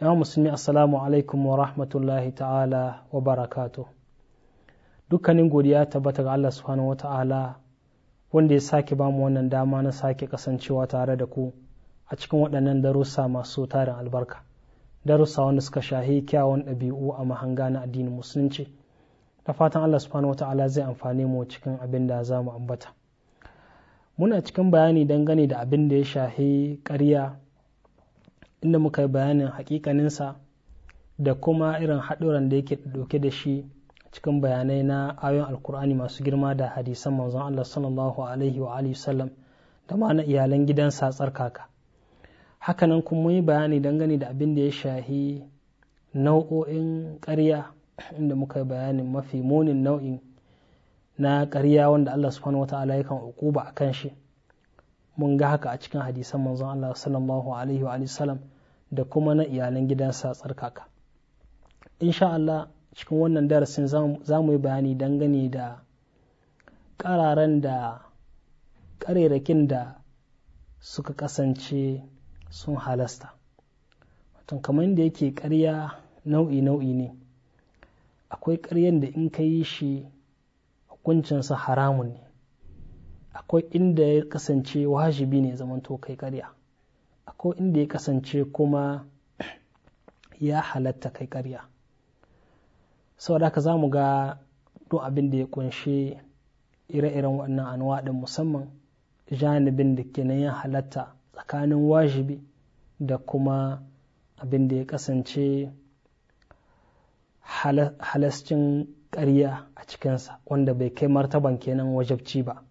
ya musulmi assalamu alaikum wa rahmatullahi ta'ala wa barakatu dukkanin godiya tabbata ga Allah subhanahu wata'ala wanda ya sake mu wannan dama na sake kasancewa tare da ku a cikin waɗannan darussa masu tarin albarka darussa wanda suka shahi kyawun ɗabi'u a mahanga na addinin musulunci da fatan Allah subhanahu wata'ala zai amfani mu cikin abin da za mu ambata muna cikin bayani dangane da abin da ya shahi ƙarya inda muka yi bayanin hakikaninsa da kuma irin haɗuran da yake ɗauke da shi cikin bayanai na ayoyin alkur'ani masu girma da hadisan manzon Allah sallallahu alaihi wa alihi sallam da ma'ana iyalan gidansa tsarkaka hakanan kuma mun yi bayani dangane da abin da ya shahi nau'o'in karya inda muka yi bayani mafi munin nau'in na karya wanda Allah subhanahu wata'ala yakan a kan shi mun ga haka a cikin hadisan manzon Allah sallallahu alaihi wa sallam da kuma na iyalan gidansa tsarkaka insha Allah cikin wannan darasin za mu yi bayani dangane da ƙararen da ƙarerakin da suka kasance sun halasta wato kamar yadda yake ƙarya nau'i-nau'i ne akwai ƙaryan da in ka yi shi hukuncinsa haramun ne akwai inda ya kasance wajibi ne zamanto kai ƙarya ko inda ya kasance kuma ya halatta kai karya saboda haka za mu ga duk abin da ya kunshi ire-iren waɗannan anuwa ɗin musamman janibin da ke nan ya halatta tsakanin wajibi da kuma abin da ya kasance halascin ƙarya a cikinsa wanda bai kai martaban kenan wajabci ba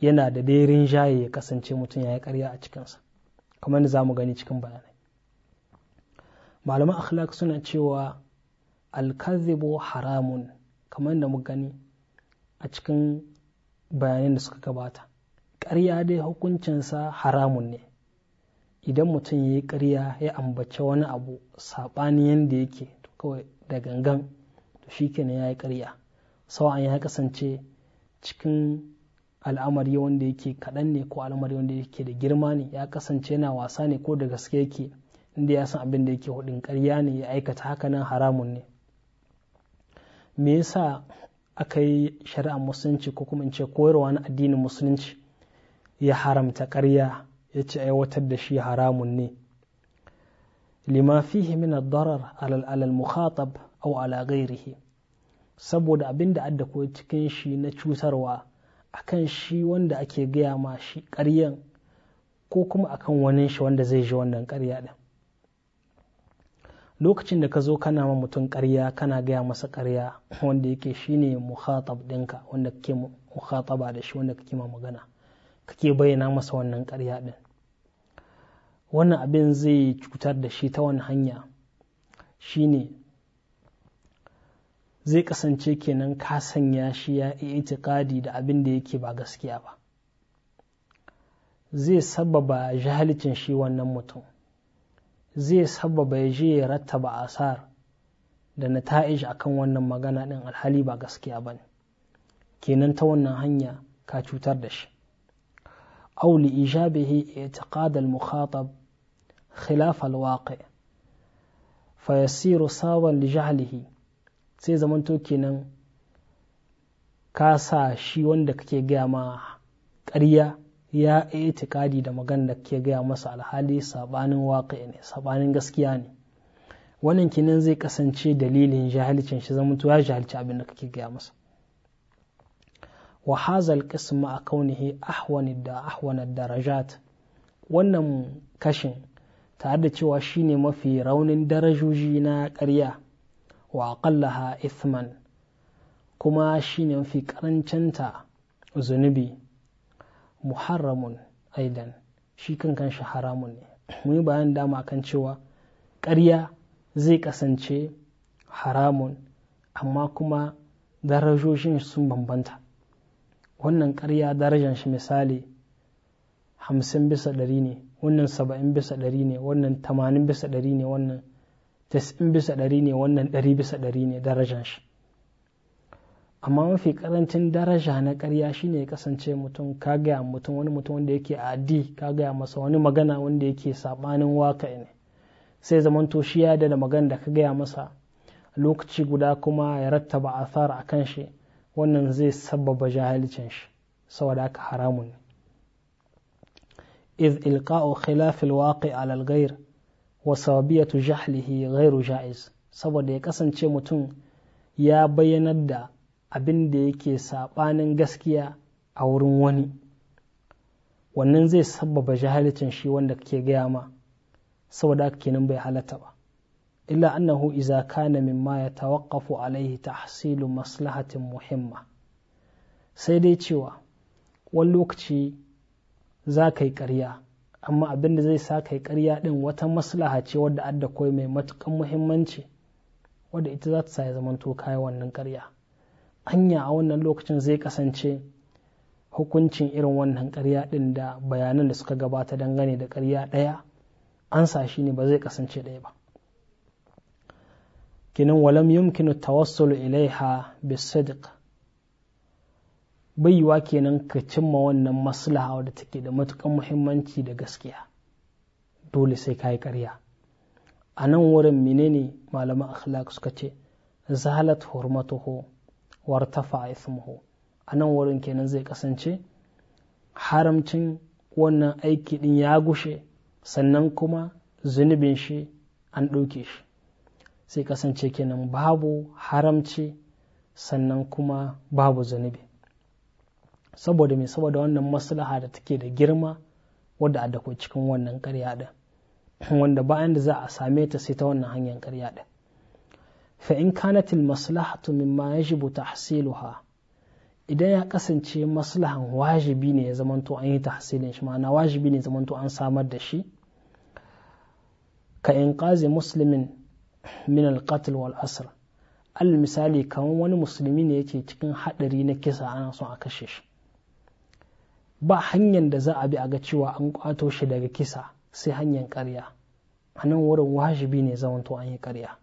yana da derin jaye ya kasance mutum ya yi karya a cikinsa kamar da za mu gani cikin bayanai malaman akhlaq suna cewa alkazibu haramun kamar da mu gani a cikin bayanan da suka gabata ƙarya dai hukuncinsa haramun ne idan mutum ya yi karya ya ambace wani abu saɓani yadda yake kawai da gangan to shi kenan ya yi karya sau'an ya kasance cikin al'amari wanda yake kaɗan ne ko al'amari wanda yake da girma ne ya kasance yana wasa ne ko da gaske yake inda ya san abin da yake hudin karya ne ya aikata haka nan haramun ne me yasa aka yi shari'ar musulunci ko kuma in ce koyarwa na addinin musulunci ya haramta karya ya ce aiwatar da shi haramun ne lima fihi min ad-darar ala al-mukhatab aw ala ghayrihi saboda abin da adda ko cikin shi na cutarwa akan shi wanda ake gaya ma shi ƙaryan ko kuma akan wani shi wanda zai ji wannan karya ɗin lokacin da ka zo kana ma mutum karya kana gaya masa karya wanda yake ne muhatab ɗinka wanda kake muhataba da shi wanda kake ma magana kake bayyana masa wannan karya ɗin wannan abin zai cutar da shi ta wani hanya shi ne. zai kasance kenan ka sanya shi ya itikadi da abin da yake ba gaskiya ba zai sababa jahalicin shi wannan mutum zai sababa ya je ya rattaba asar da a akan wannan magana ɗin alhali ba gaskiya ba ne kenan ta wannan hanya ka cutar da shi auli li ijabihi i'tiqad mukhatab khilaf al fa yasiru sawan li jahlihi sai zamanto kenan ka sa shi wanda kake gaya ma ƙarya ya itikadi da magana da kake gaya masa alhali sabanin waƙa ne sabanin gaskiya ne wannan kenan zai kasance dalilin jahilcin shi zamanto ya jahilci abin da kake gaya masa wa hazal qisma a kaunihi ahwani da ahwana darajat wannan kashin tare da cewa shine mafi raunin darajoji na ƙarya wa aqallaha ithman kuma shine mafi karancinta zunubi muharramun aidan shi kan shi haramun ne mun yi bayan dama kan cewa ƙarya zai kasance haramun amma kuma darajoshin sun bambanta wannan ƙarya darajan shi misali hamsin bisa ɗari ne wannan saba'in bisa ɗari ne wannan tamanin bisa ɗari ne wannan 90 bisa ɗari ne wannan ɗari bisa ɗari ne darajan shi amma mafi karancin daraja na karya shine ya kasance mutum ka gaya mutum wani mutum wanda yake adi ka gaya masa wani magana wanda yake sabanin waka ne sai zaman to shi ya da magana da ka gaya masa lokaci guda kuma ya rattaba asara a kan shi wannan zai sababa jahalicin shi saboda haka haramun ne iz ilqa'u khilaf alwaqi ala alghayr wasabiyatu jahlihi ghairu ja'iz saboda ya kasance mutum ya bayyanar da abin da yake saɓanin gaskiya a wurin wani wannan zai sababa jahalicin shi wanda kake gaya ma saboda kenan bai halatta ba illa annahu iza kana mimma ya tawaqqafu alaihi tahsilu maslahatin muhimma sai dai cewa wani lokaci za ka yi ƙarya amma abin da zai sa kai karya ɗin wata maslaha ce wadda adda koi mai matukan muhimmanci wadda ita za ta sa ya to kayan wannan karya. anya a wannan lokacin zai kasance hukuncin irin wannan ƙarya ɗin da bayanan da suka gabata dangane da karya ɗaya an sa shi ne ba zai kasance ɗaya ba kinan walam yumkinu tawassul ilaiha bisidq baiwa kenan ka cimma wannan maslaha wadda take da matukan muhimmanci da gaskiya dole sai ka yi ƙarya a nan wurin menene malaman akhlaq suka ce zahalat hurmatuhu wartafa ismuhu a nan wurin kenan zai kasance haramcin wannan aiki din ya gushe sannan kuma zunubin shi an ɗauke shi sai kasance kenan babu haramci sannan kuma babu zunubi saboda mai saboda wannan maslaha da take da girma wadda a dako cikin wannan karya ɗin wanda bayan da za a same ta sai ta wannan hanyar karya ɗin fa in kanat al maslahatu mimma yajibu tahsiluha idan ya kasance maslahan wajibi ne ya zamanto an yi tahsilin shi ma'ana wajibi ne ya zamanto an samar da shi ka inqazi muslimin min al qatl wal asr al misali kamar wani musulmi ne yake cikin hadari na kisa ana son a kashe shi ba hanyar da za a bi a ga cewa an kwato shi daga kisa sai hanyar karya a nan wurin wajibi ne zamanto an yi karya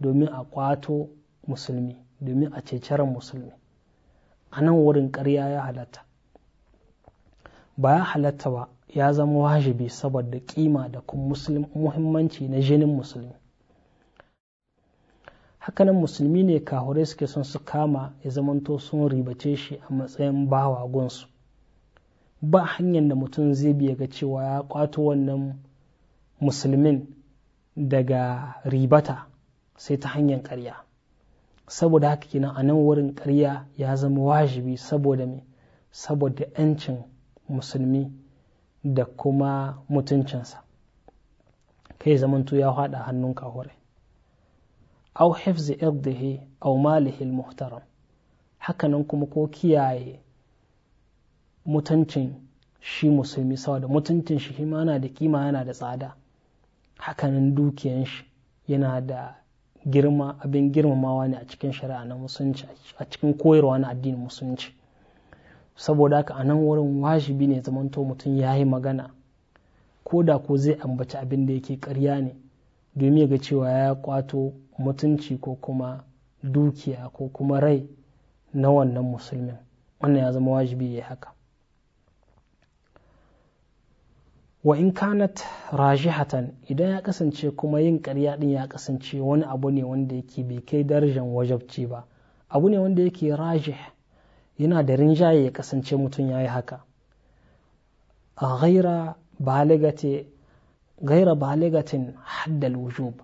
domin a kwato musulmi domin a ceceren musulmi a nan wurin karya ya halatta ba ya halatta ba ya zama wajibi saboda kima da muhimmanci na jinin musulmi hakanan musulmi ne kahurai suke son su kama ya zamanto sun ribace shi a matsayin bawa gunsu ba hanyar da mutum zai biya ga cewa ya kwato wannan musulmin daga ribata sai ta hanyar karya saboda haka kenan a nan wurin karya ya zama wajibi saboda mai saboda 'yancin musulmi da kuma mutuncinsa kai zamantu ya haɗa hannun kahore au hifzi irdihi au malihi muhtaram hakanan kuma ko kiyaye mutuncin shi musulmi saboda mutuncin shi kima yana da kima yana da tsada hakanan dukiyan shi yana da girma abin girmamawa ne a cikin shari'a na musulunci a cikin koyarwa na addinin musulunci saboda haka a nan wurin wajibi ne zamanto mutum ya yi magana ko da ko zai ambaci abin da yake karya ne domin ga cewa ya kwato mutunci ko kuma dukiya ko kuma rai na wannan musulmin wannan ya zama wajibi ya haka wa in kanat rajihatan idan ya kasance kuma yin ƙarya din ya kasance wani abu ne wanda yake bai kai darajar wajabci ba abu ne wanda yake rajih yana da rinjaye ya kasance mutum ya yi haka a ghaira baligatin haddal wujub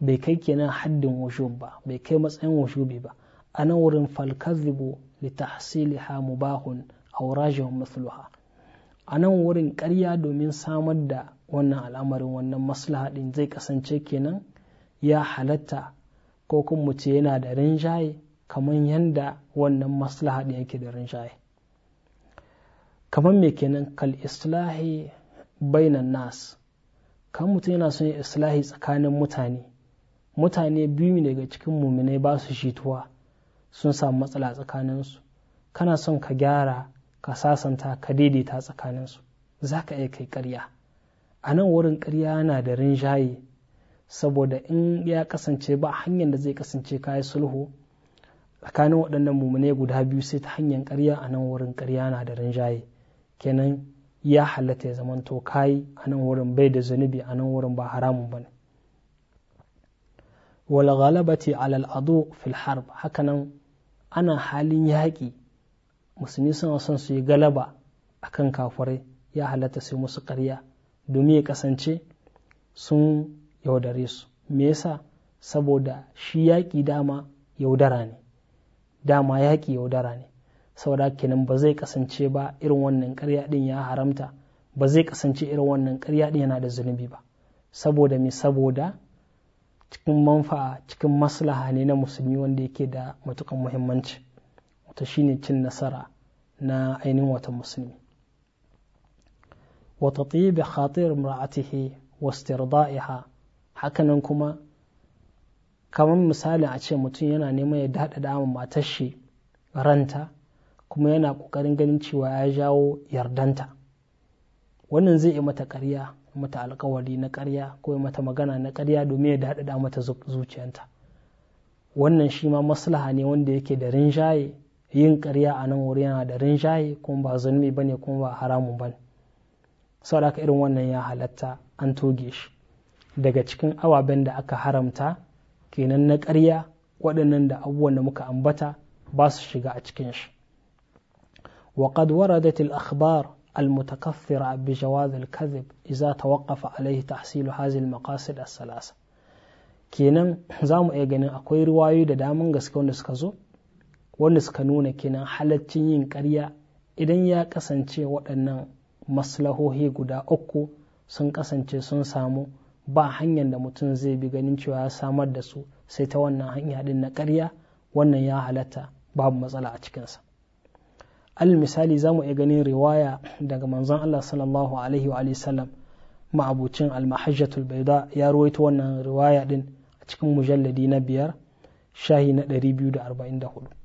bai kai kenan haddin wujub ba bai kai matsayin wujubi ba a nan wurin falkazibu li tahsiliha mubahun aw rajihun mithluha a nan wurin karya domin samar da wannan al'amarin wannan maslaha ɗin zai kasance kenan ya halatta ko kuma ce yana da rinjaye kamar yadda wannan maslaha ɗin yake da rinjaye kamar me kenan kal islahi bainan nas kan mutum yana son islahi tsakanin mutane mutane biyu daga cikin muminai ba su shituwa sun samu matsala tsakaninsu kana son ka gyara ka sasanta ka daidaita tsakaninsu za ka iya kai karya a nan wurin karya na da rinjaye saboda in ya kasance ba hanyar da zai kasance kayi sulhu tsakanin waɗannan mummune guda biyu sai ta hanyar karya a nan wurin karya na da rinjaye kenan ya halatta ya zamanto kayi a nan wurin bai da zunubi a nan wurin ba haramun ba ne wala ghalabati alal adu fil harb hakanan ana halin yaƙi musulmi suna son su yi galaba a kan kafirai ya halatta sai musu karya domin ya kasance sun yaudare su me yasa saboda shi yaƙi dama yaudara ne dama yaƙi yaudara ne saboda kenan ba zai kasance ba irin wannan karya ɗin ya haramta ba zai kasance irin wannan karya ɗin yana da zunubi ba saboda me saboda cikin manfa'a cikin maslaha ne na musulmi wanda yake da matukan muhimmanci ta shine cin nasara na ainihin wata musulmi wata tsibe khatir mura'atihi wasu hakanan kuma kamar misalin a ce mutum yana neman ya daɗa damar matar shi ranta kuma yana ƙoƙarin ganin cewa ya jawo yardanta wannan zai yi mata ƙarya mata alkawari na ƙarya ko mata magana na ƙarya domin ya daɗaɗa mata zuciyanta wannan shi ma maslaha ne wanda yake da rinjaye yin ƙarya a nan wuri yana da rinshaye kuma ba zulmi bane kuma ba haramun bane saboda haka irin wannan ya halatta an toge shi daga cikin ababen da aka haramta kenan na ƙarya waɗannan da abubuwan da muka ambata ba su shiga a cikin shi وقد وردت a المتكثرة بجواز الكذب Alayhi توقف عليه تحصيل هذه المقاصد الثلاثة kenan za mu iya ganin akwai riwayoyi da daman gaske wanda suka zo wanda suka nuna kenan halaccin yin ƙarya idan ya kasance waɗannan maslahohi guda uku sun kasance sun samu ba hanyar da mutum zai bi ganin cewa ya samar da su sai ta wannan hanya din na karya wannan ya halatta babu matsala a cikinsa al misali za mu iya ganin riwaya daga manzon Allah sallallahu alaihi wa sallam ma'abucin al-mahajjatul baida ya ruwaito wannan riwaya din a cikin mujalladi na biyar shahi na 244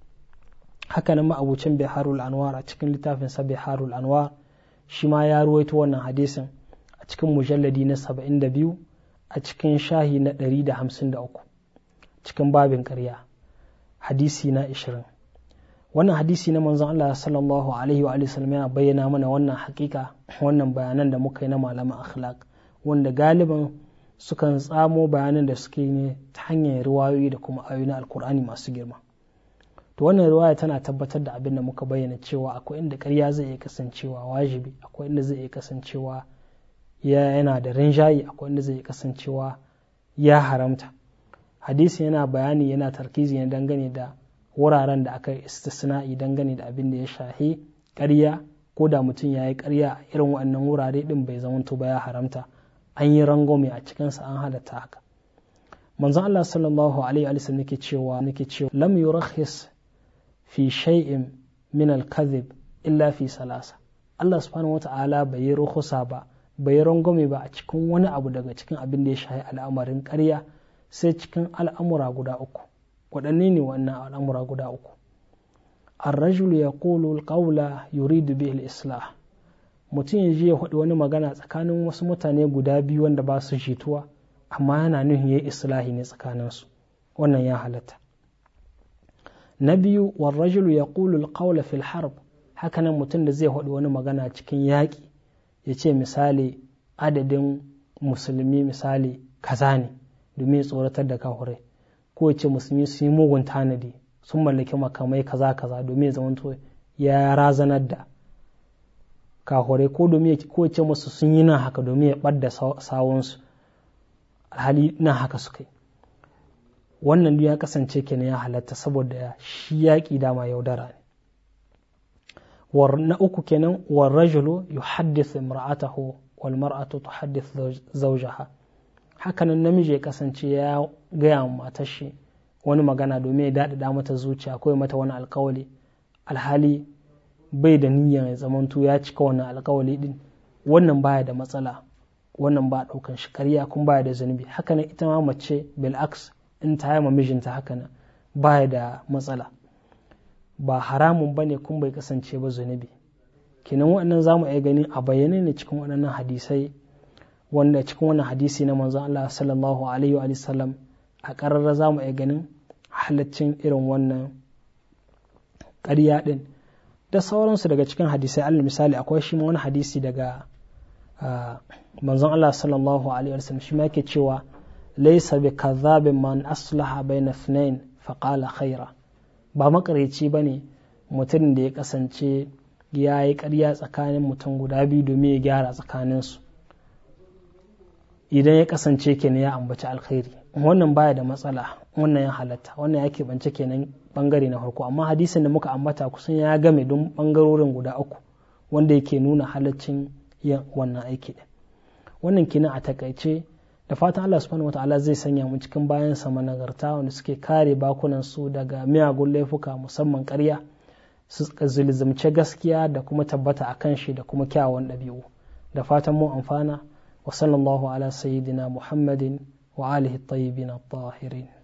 hakanan ma'abucin biharul anwar a cikin littafin sa biharul anwar shi ma ya ruwaito wannan hadisin a cikin mujalladi na 72 a cikin shahi na 153 cikin babin karya hadisi na 20 wannan hadisi na manzon Allah sallallahu alaihi wa sallam yana bayyana mana wannan hakika wannan bayanan da muka yi na malaman akhlaq wanda galiban sukan tsamo bayanan da suke ne ta hanyar riwayoyi da kuma ayoyi na alkur'ani masu girma to wannan riwaya tana tabbatar da abin da muka bayyana cewa akwai inda ƙarya zai iya kasancewa wajibi akwai inda zai iya kasancewa yana da rinjayi akwai inda zai iya kasancewa ya haramta hadisi yana bayani yana tarkizi ne dangane da wuraren da aka istisna'i dangane da abin da ya shahi ƙarya ko da mutum ya yi ƙarya irin waɗannan wurare ɗin bai zamanto ba ya haramta an yi rangwame a cikinsa an halatta haka manzon Allah sallallahu alaihi wa sallam nake cewa nake cewa lam yurakhis fi shay'in min al-kadhib illa fi salasa Allah subhanahu wata'ala bai yi ruhusa ba bai yi rangwame ba a cikin wani abu daga cikin abin da ya shahi al'amarin ƙarya sai cikin al'amura guda uku waɗanne ne wannan al'amura guda uku ar-rajulu yaqulu al-qawla yuridu bihi al-islah mutum ya je ya faɗi wani magana tsakanin wasu mutane guda biyu wanda ba su jituwa amma yana nuhin ya islahi ne tsakanin su. wannan ya halatta na biyu warrajulu ya ƙulul ƙaula fil harb hakanan mutum da zai haɗu wani magana cikin yaƙi ya ce misali adadin musulmi misali kaza ne domin tsoratar da kahurai ko ce musulmi su yi mugun tanadi sun mallaki makamai kaza kaza domin zamanto ya razanar da kahurai ko domin ko ce musu sun yi nan haka domin ya ɓadda sawunsu hali nan haka suka yi wannan duk ya kasance kenan ya halatta saboda shi yaƙi dama yaudara ne na uku kenan war rajulu yuhaddithu imra'atahu wal mar'atu tuhaddithu zawjaha hakanan namiji ya kasance ya gaya wa matar shi wani magana domin ya daɗaɗa mata zuciya ko mata wani alkawali alhali bai da niyyar ya zamanto ya cika wannan alkawali din wannan baya da matsala wannan ba ɗaukan shi karya kuma baya da zunubi hakanan ita ma mace aks in ta yi mijinta haka nan baya da matsala ba haramun ba ne kun bai kasance ba zunubi kenan waɗannan za mu iya gani a bayyane ne cikin waɗannan hadisai wanda cikin wannan hadisi na manzon Allah sallallahu alaihi wa sallam a ƙararra za mu iya ganin halaccin irin wannan ƙarya ɗin da sauransu daga cikin hadisai alal misali akwai shi wani hadisi daga ah, manzon Allah sallallahu alaihi wa sallam shi ma yake cewa laisa bi kadhabin man aslaha bayna ithnain fa qala khaira ba ne bane mutum da ya kasance ya yi karya tsakanin mutum guda biyu domin ya gyara tsakaninsu idan ya kasance kenan ya ambaci alkhairi wannan baya da matsala wannan ya halatta wannan ya keɓance kenan bangare na farko amma hadisin da muka ambata kusan ya game don bangarorin guda uku wanda yake nuna halaccin yin wannan aiki wannan kenan a takaice da fatan Allah subhanahu wataala zai sanya mu cikin bayan sama nagarta wanda suke kare bakunan su daga miyagun laifuka musamman ƙarya su zulzumce gaskiya da kuma tabbata a kan shi da kuma kyawun ɗabi'u da fatan mu amfana wa sallallahu ala sayyidina muhammadin wa alihi tayyibin tahirin